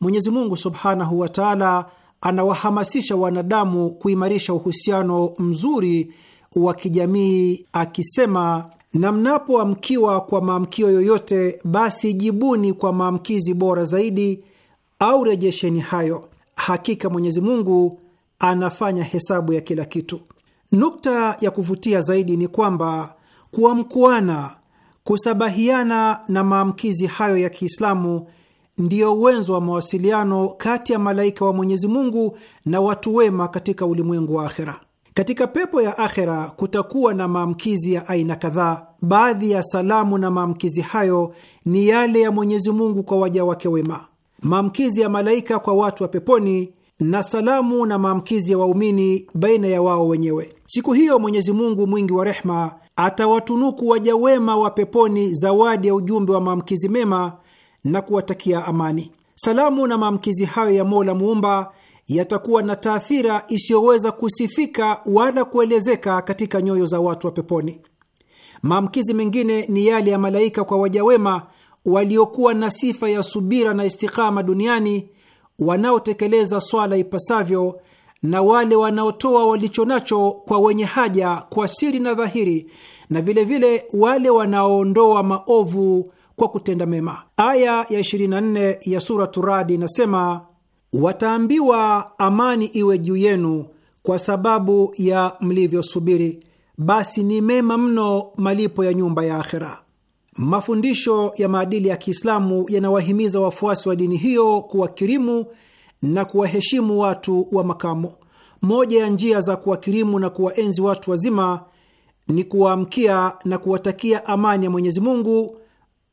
Mwenyezi Mungu subhanahu wa taala anawahamasisha wanadamu kuimarisha uhusiano mzuri wa kijamii akisema na mnapoamkiwa kwa maamkio yoyote, basi jibuni kwa maamkizi bora zaidi au rejesheni hayo. Hakika Mwenyezi Mungu anafanya hesabu ya kila kitu. Nukta ya kuvutia zaidi ni kwamba kuamkuana, kusabahiana na maamkizi hayo ya Kiislamu ndiyo uwenzo wa mawasiliano kati ya malaika wa Mwenyezi Mungu na watu wema katika ulimwengu wa akhera. Katika pepo ya akhera kutakuwa na maamkizi ya aina kadhaa. Baadhi ya salamu na maamkizi hayo ni yale ya Mwenyezi Mungu kwa waja wake wema, maamkizi ya malaika kwa watu wa peponi na salamu na maamkizi ya waumini baina ya wao wenyewe. Siku hiyo Mwenyezi Mungu mwingi wa rehema atawatunuku waja wema wa peponi zawadi ya ujumbe wa maamkizi mema na kuwatakia amani. Salamu na maamkizi hayo ya Mola muumba yatakuwa na taathira isiyoweza kusifika wala kuelezeka katika nyoyo za watu wa peponi. Maamkizi mengine ni yale ya malaika kwa wajawema waliokuwa na sifa ya subira na istikama duniani, wanaotekeleza swala ipasavyo na wale wanaotoa walicho nacho kwa wenye haja kwa siri na dhahiri, na vilevile vile wale wanaoondoa maovu kwa kutenda mema. Aya ya 24 ya suratu Radi inasema Wataambiwa, amani iwe juu yenu kwa sababu ya mlivyosubiri, basi ni mema mno malipo ya nyumba ya akhera. Mafundisho ya maadili ya Kiislamu yanawahimiza wafuasi wa dini hiyo kuwakirimu na kuwaheshimu watu wa makamo. Moja ya njia za kuwakirimu na kuwaenzi watu wazima ni kuwaamkia na kuwatakia amani ya Mwenyezi Mungu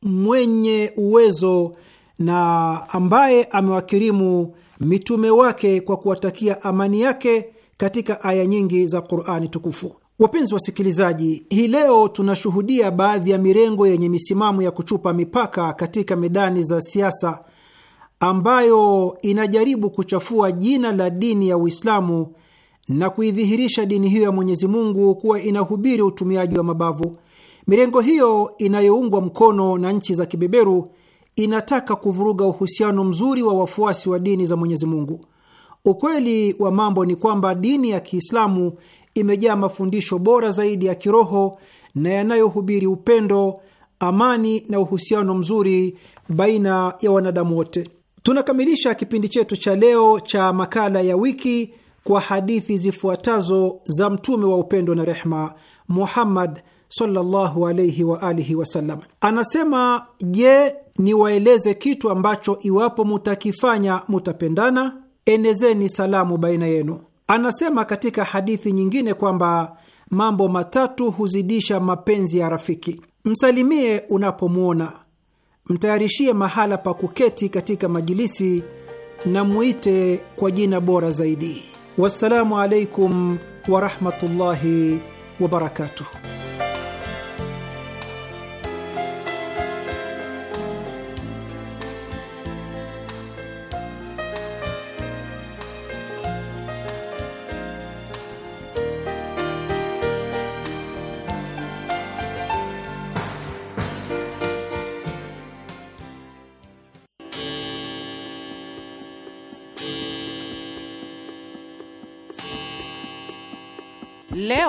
mwenye uwezo na ambaye amewakirimu mitume wake kwa kuwatakia amani yake katika aya nyingi za Qurani tukufu. Wapenzi wasikilizaji, hii leo tunashuhudia baadhi ya mirengo yenye misimamo ya kuchupa mipaka katika medani za siasa ambayo inajaribu kuchafua jina la dini ya Uislamu na kuidhihirisha dini hiyo ya Mwenyezi Mungu kuwa inahubiri utumiaji wa mabavu. Mirengo hiyo inayoungwa mkono na nchi za kibeberu inataka kuvuruga uhusiano mzuri wa wafuasi wa dini za Mwenyezi Mungu. Ukweli wa mambo ni kwamba dini ya Kiislamu imejaa mafundisho bora zaidi ya kiroho na yanayohubiri upendo, amani na uhusiano mzuri baina ya wanadamu wote. Tunakamilisha kipindi chetu cha leo cha makala ya wiki kwa hadithi zifuatazo za mtume wa upendo na rehma Muhammad sallallahu alayhi wa alihi wasallam. Anasema, je, niwaeleze kitu ambacho iwapo mutakifanya mutapendana? Enezeni salamu baina yenu. Anasema katika hadithi nyingine kwamba mambo matatu huzidisha mapenzi ya rafiki: msalimie unapomwona, mtayarishie mahala pa kuketi katika majilisi, na mwite kwa jina bora zaidi. Wassalamu alaikum warahmatullahi wabarakatuh.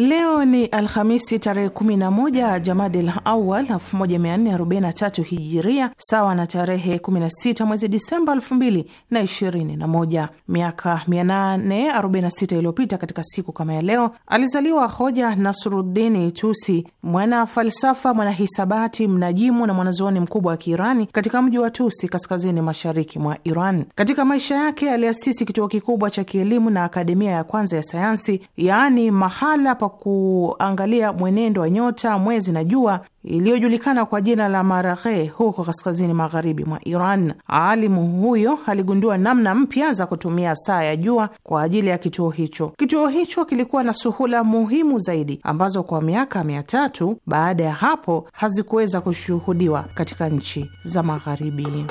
Leo ni Alhamisi tarehe 11 Jamadil Awal 1443 Hijiria, sawa na tarehe 16 mwezi Disemba 2021. Miaka 846 iliyopita katika siku kama ya leo alizaliwa hoja Nasruddini Tusi, mwana falsafa, mwanahisabati, mnajimu na mwanazuoni mkubwa wa Kiirani katika mji wa Tusi kaskazini mashariki mwa Iran. Katika maisha yake aliasisi kituo kikubwa cha kielimu na akademia ya kwanza ya sayansi, yaani mahala pa kuangalia mwenendo wa nyota, mwezi na jua iliyojulikana kwa jina la Maraghe huko kaskazini magharibi mwa Iran. Alimu huyo aligundua namna mpya za kutumia saa ya jua kwa ajili ya kituo hicho. Kituo hicho kilikuwa na suhula muhimu zaidi ambazo kwa miaka mia tatu baada ya hapo hazikuweza kushuhudiwa katika nchi za magharibi.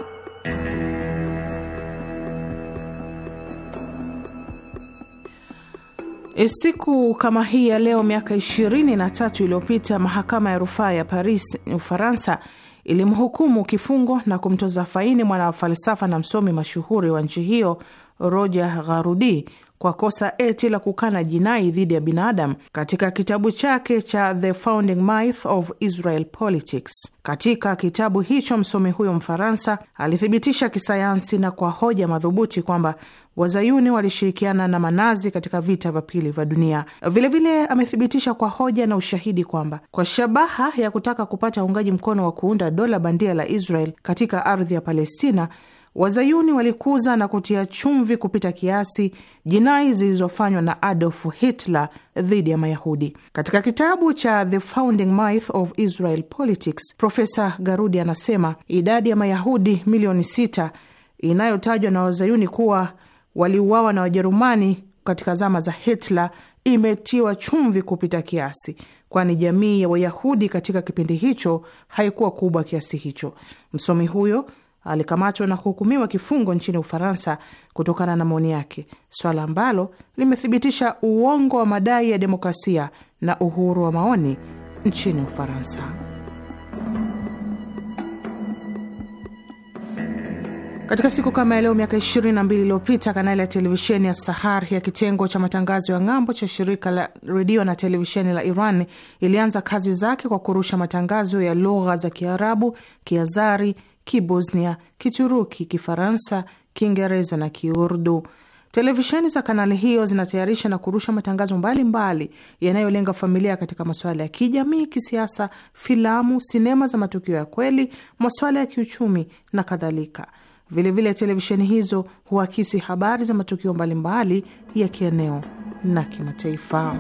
E, siku kama hii ya leo miaka 23 iliyopita mahakama ya rufaa ya Paris, Ufaransa, ilimhukumu kifungo na kumtoza faini mwana wa falsafa na msomi mashuhuri wa nchi hiyo Roger Garudi kwa kosa eti la kukana jinai dhidi ya binadamu katika kitabu chake cha The Founding Myth of Israel Politics. Katika kitabu hicho msomi huyo Mfaransa alithibitisha kisayansi na kwa hoja madhubuti kwamba Wazayuni walishirikiana na manazi katika vita vya pili vya dunia. Vilevile amethibitisha kwa hoja na ushahidi kwamba kwa shabaha ya kutaka kupata uungaji mkono wa kuunda dola bandia la Israel katika ardhi ya Palestina, Wazayuni walikuza na kutia chumvi kupita kiasi jinai zilizofanywa na Adolf Hitler dhidi ya Mayahudi. Katika kitabu cha The Founding Myth of Israel Politics, Profesa Garudi anasema idadi ya Mayahudi milioni sita inayotajwa na Wazayuni kuwa waliuawa na Wajerumani katika zama za Hitler imetiwa chumvi kupita kiasi, kwani jamii ya Wayahudi katika kipindi hicho haikuwa kubwa kiasi hicho. Msomi huyo alikamatwa na kuhukumiwa kifungo nchini Ufaransa kutokana na maoni yake, swala ambalo limethibitisha uongo wa madai ya demokrasia na uhuru wa maoni nchini Ufaransa. Katika siku kama ya leo miaka 22 iliyopita kanali ya televisheni ya Sahar ya kitengo cha matangazo ya ng'ambo cha shirika la redio na televisheni la Iran ilianza kazi zake kwa kurusha matangazo ya lugha za Kiarabu, Kiazari, Kibosnia, Kituruki, Kifaransa, Kiingereza na Kiurdu. Televisheni za kanali hiyo zinatayarisha na kurusha matangazo mbalimbali yanayolenga familia katika masuala ya kijamii, kisiasa, filamu, sinema za matukio ya kweli, masuala ya kiuchumi na kadhalika. Vilevile televisheni hizo huakisi habari za matukio mbalimbali ya kieneo na kimataifa.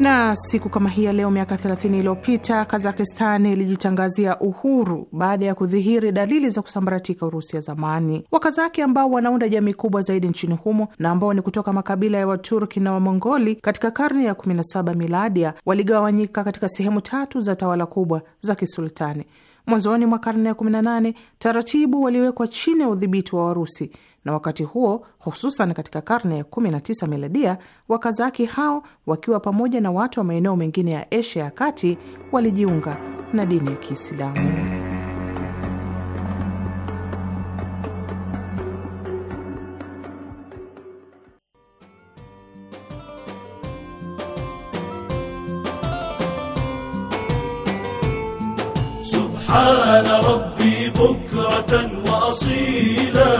Na siku kama hii ya leo miaka 30 iliyopita Kazakistan ilijitangazia uhuru baada ya kudhihiri dalili za kusambaratika Urusi ya zamani. Wakazaki ambao wanaunda jamii kubwa zaidi nchini humo na ambao ni kutoka makabila ya Waturki na Wamongoli katika karne ya 17 miladia waligawanyika katika sehemu tatu za tawala kubwa za kisultani. Mwanzoni mwa karne ya 18 taratibu waliwekwa chini ya udhibiti wa Warusi, na wakati huo hususan katika karne ya 19 miladia, Wakazaki hao wakiwa pamoja na watu wa maeneo mengine ya Asia ya kati walijiunga na dini ya Kiislamu. عان ربي بكرة وأصيلا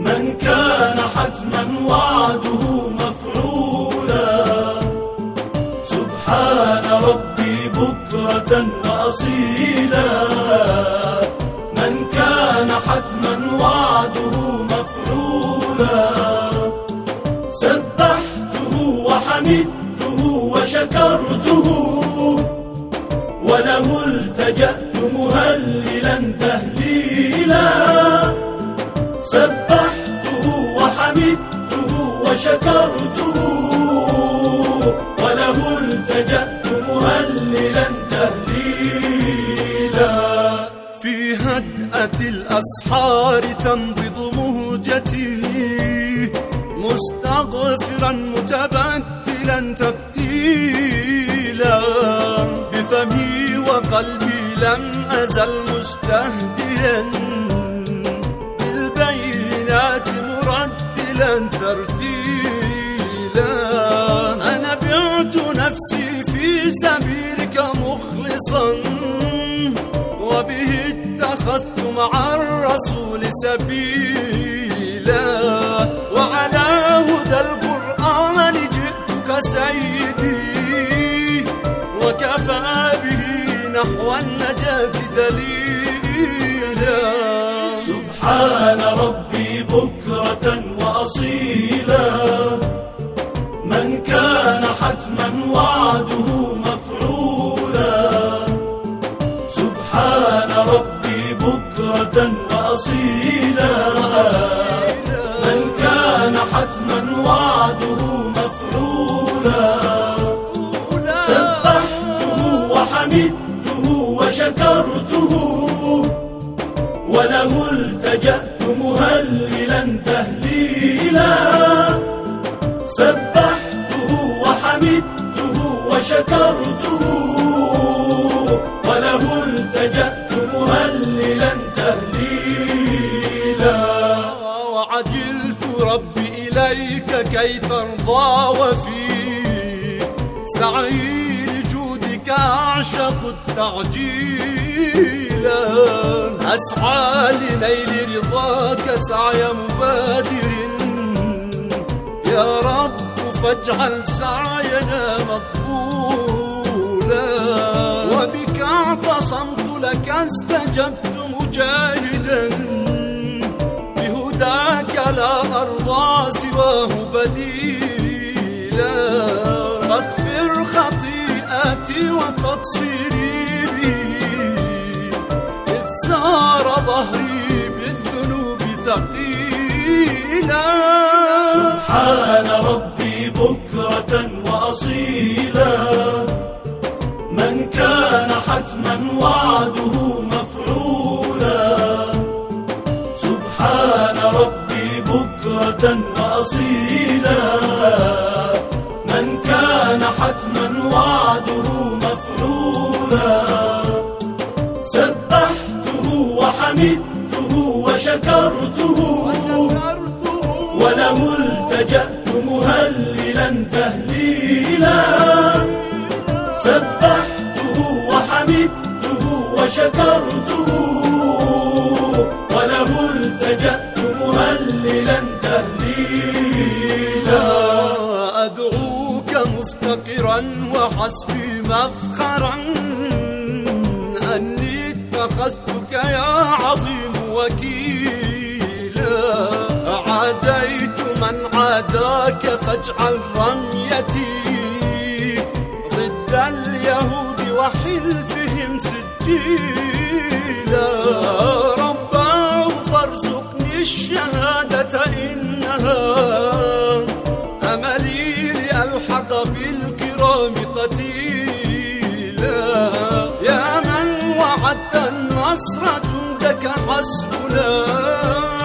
من كان حتما وعده مفعولا سبحان ربي بكرة وأصيلا حمدته وشكرته وله التجأت مهللا تهليلا وعجلت ربي إليك كي ترضى وفي سعي لجودك أعشق التعجيلا أسعى لنيل رضاك سعي مبادر يا رب فاجعل سعينا مقبولا وبك اعتصمت لك استجبت مجاهدا بهداك لا أرضى سواه بديلا فاغفر خطيئتي وتقصيري إذ سار ظهري بالذنوب ثقيلا سبحان ربي جذرة وأصيلا من كان حتما وعده مفعولا سبحان ربي بكرة وأصيلا من كان حتما وعده مفعولا سبحته وحمدته وشكرته وله التجأت مهللا تهليلا سبحته وحمدته وشكرته وله التجأت مهللا تهليلا أدعوك مفتقرا وحسبي مفخرا أني اتخذتك يا عظيم وكيلا لك فاجعل رميتي ضد اليهود وحلفهم سجيلا رباه فارزقني الشهادة إنها أملي لألحق بالكرام قتيلا يا من وعدت النصر جندك حسبنا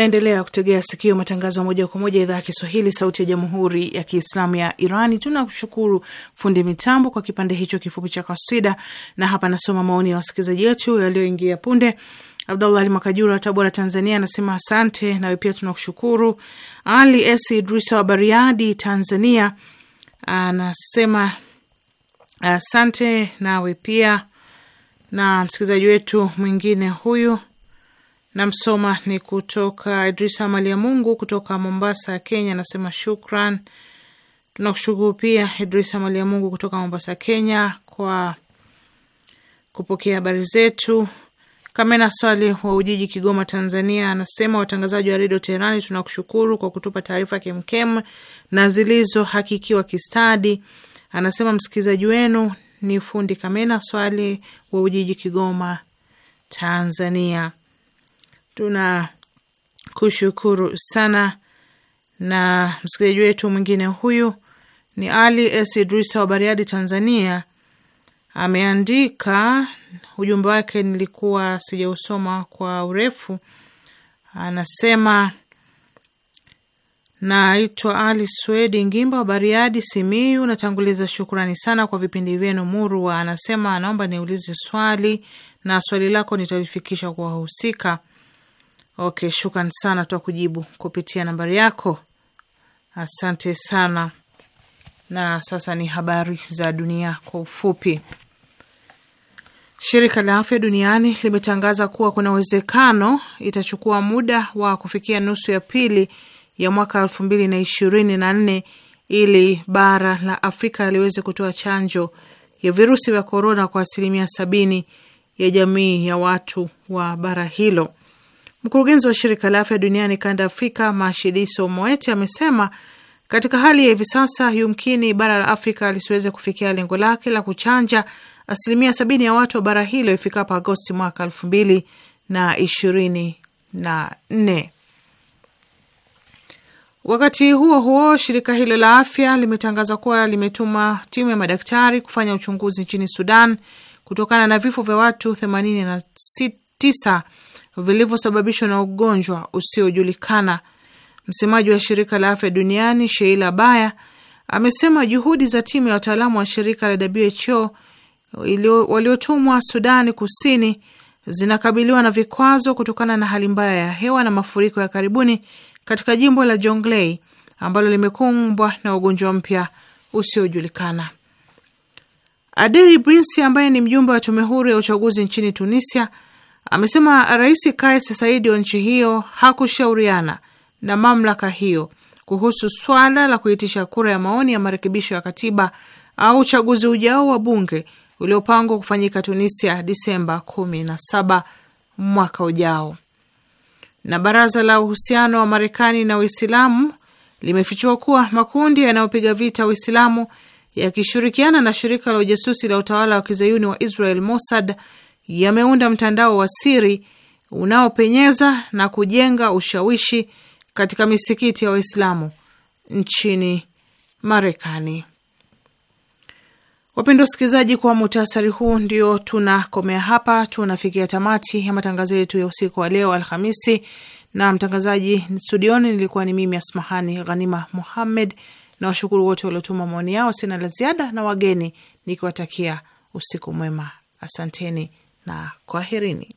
Naendelea kutegea sikio matangazo moja kwa moja idhaa ya Kiswahili, sauti ya jamhuri ya kiislamu ya Irani. Tunashukuru fundi mitambo kwa kipande hicho kifupi cha kasida, na hapa nasoma maoni ya wasikilizaji wetu yaliyoingia punde. Abdullah Ali Makajura wa Tabora, Tanzania, anasema asante. Nawe pia tunakushukuru. Ali S Idrisa wa Bariadi, Tanzania, anasema asante. Nawe pia na msikilizaji wetu mwingine huyu na msoma ni kutoka Idrisa Mali ya Mungu kutoka Mombasa, Kenya, anasema shukran. Tunakushukuru pia Idrisa Mali ya Mungu kutoka Mombasa, Kenya, kwa kupokea habari zetu. Kamena Swali wa Ujiji, Kigoma, Tanzania, anasema watangazaji wa redio Teherani, tunakushukuru kwa kutupa taarifa kemkem na zilizohakikiwa kistadi. Anasema msikilizaji wenu ni fundi Kamena Swali wa Ujiji, Kigoma, Tanzania tuna kushukuru sana. Na msikilizaji wetu mwingine huyu ni Ali S Idrisa wa Bariadi, Tanzania, ameandika ujumbe wake, nilikuwa sijausoma kwa urefu. Anasema naitwa Ali Swedi Ngimba wa Bariadi, Simiyu. Natanguliza shukurani sana kwa vipindi vyenu murwa. Anasema anaomba niulize swali na swali lako nitalifikisha kwa wahusika. Okay, shukran sana, twa kujibu kupitia nambari yako. Asante sana. Na sasa ni habari za dunia kwa ufupi. Shirika la Afya Duniani limetangaza kuwa kuna uwezekano itachukua muda wa kufikia nusu ya pili ya mwaka elfu mbili na ishirini na nne ili bara la Afrika liweze kutoa chanjo ya virusi vya korona kwa asilimia sabini ya jamii ya watu wa bara hilo. Mkurugenzi wa shirika la afya duniani kanda Afrika, Mashidiso Moeti, amesema katika hali ya hivi sasa, yumkini bara la Afrika lisiweze kufikia lengo lake la kuchanja asilimia sabini ya watu wa bara hilo ifikapo Agosti mwaka elfu mbili na ishirini na nne. Wakati huo huo, shirika hilo la afya limetangaza kuwa limetuma timu ya madaktari kufanya uchunguzi nchini Sudan kutokana na vifo vya watu 89 vilivyosababishwa na ugonjwa usiojulikana. Msemaji wa shirika la afya duniani Sheila Baya amesema juhudi za timu ya wataalamu wa shirika la WHO waliotumwa Sudani Kusini zinakabiliwa na vikwazo kutokana na hali mbaya ya hewa na mafuriko ya karibuni katika jimbo la Jonglei ambalo limekumbwa na ugonjwa mpya usiojulikana. Aderi Brinsi ambaye ni mjumbe wa tume huru ya uchaguzi nchini Tunisia Amesema Rais Kais Saidi wa nchi hiyo hakushauriana na mamlaka hiyo kuhusu swala la kuitisha kura ya maoni ya marekebisho ya katiba au uchaguzi ujao wa bunge uliopangwa kufanyika Tunisia Disemba 17 mwaka ujao. Na baraza la uhusiano wa Marekani na Uislamu limefichua kuwa makundi yanayopiga vita Uislamu yakishirikiana na shirika la ujasusi la utawala wa kizayuni wa Israel Mossad yameunda mtandao wa siri unaopenyeza na kujenga ushawishi katika misikiti ya Waislamu nchini Marekani. Wapendwa wasikilizaji, kwa muhtasari huu ndio tunakomea hapa, tunafikia tamati ya matangazo yetu ya usiku wa leo Alhamisi, na mtangazaji studioni nilikuwa ni mimi Asmahani Ghanima Muhammed, na washukuru wote waliotuma maoni yao. Sina la ziada na wageni nikiwatakia usiku mwema, asanteni na kwaherini.